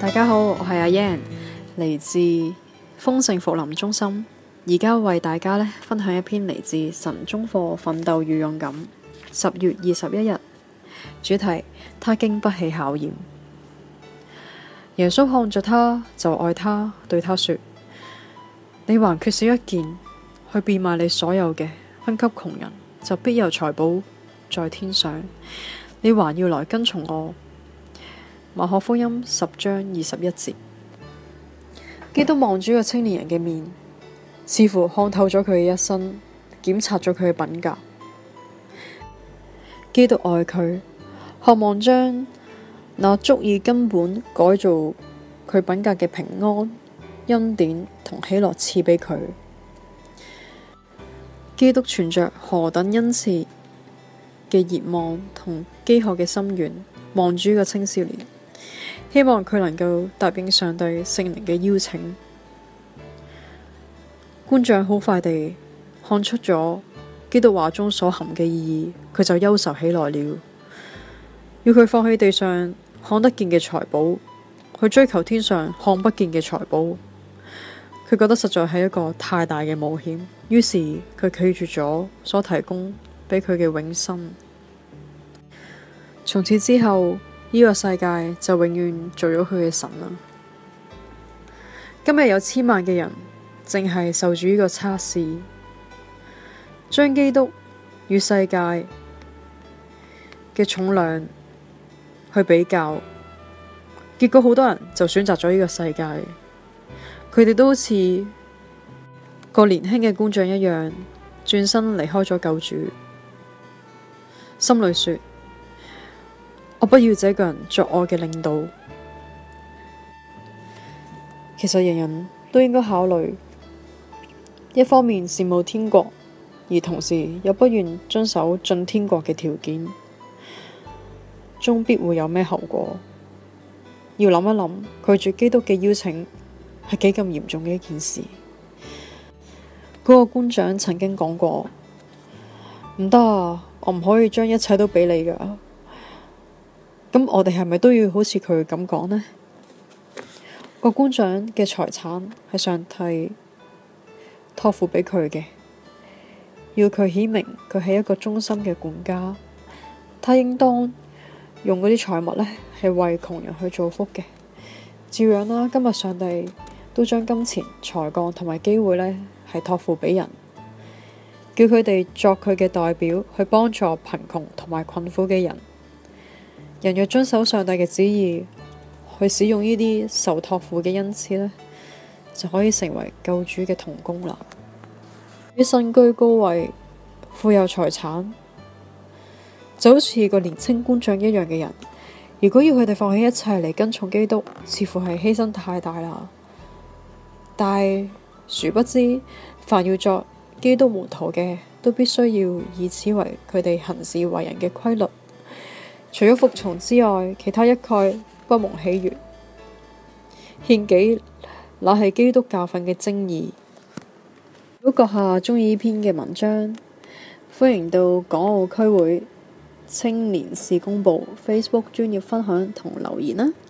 大家好，我係阿 Yan，嚟自豐盛福林中心，而家為大家咧分享一篇嚟自神中課《奮鬥與勇敢》，十月二十一日，主題：他經不起考驗。耶穌看着他就愛他，對他說：你還缺少一件，去變賣你所有嘅，分給窮人，就必有財寶在天上。你還要來跟從我。馬可福音十章二十一節，基督望住一個青年人嘅面，似乎看透咗佢嘅一生，檢查咗佢嘅品格。基督愛佢，渴望將那足以根本改造佢品格嘅平安、恩典同喜樂賜俾佢。基督存着何等恩賜嘅熱望同饑渴嘅心願，望住一個青少年。希望佢能夠答應上帝聖靈嘅邀請。官長好快地看出咗基督話中所含嘅意義，佢就憂愁起來了，要佢放棄地上看得見嘅財寶，去追求天上看不見嘅財寶。佢覺得實在係一個太大嘅冒險，於是佢拒絕咗所提供俾佢嘅永生。從此之後，呢個世界就永遠做咗佢嘅神啦。今日有千萬嘅人，正係受住呢個測試，將基督與世界嘅重量去比較，結果好多人就選擇咗呢個世界。佢哋都好似個年輕嘅官長一樣，轉身離開咗救主，心裏說。我不要這個人作我嘅領導。其實人人都應該考慮，一方面羨慕天國，而同時又不願遵守進天國嘅條件，終必會有咩後果？要諗一諗拒絕基督嘅邀請係幾咁嚴重嘅一件事。嗰個官長曾經講過：唔得啊，我唔可以將一切都俾你噶。咁我哋係咪都要好似佢咁講呢？個官長嘅財產係上帝託付畀佢嘅，要佢顯明佢係一個忠心嘅管家，他應當用嗰啲財物呢係為窮人去造福嘅。照樣啦、啊，今日上帝都將金錢、才幹同埋機會呢係託付畀人，叫佢哋作佢嘅代表去幫助貧窮同埋困苦嘅人。人若遵守上帝嘅旨意去使用呢啲受託付嘅恩賜咧，就可以成為救主嘅同工啦。啲 身居高位、富有財產，就好似個年青官長一樣嘅人。如果要佢哋放棄一切嚟跟從基督，似乎係犧牲太大啦。但殊不知，凡要作基督門徒嘅，都必須要以此為佢哋行事為人嘅規律。除咗服從之外，其他一概不蒙喜悅。獻己，乃係基督教訓嘅精義。如果閣下鍾意呢篇嘅文章，歡迎到港澳區會青年事工部 Facebook 專頁分享同留言啦、啊。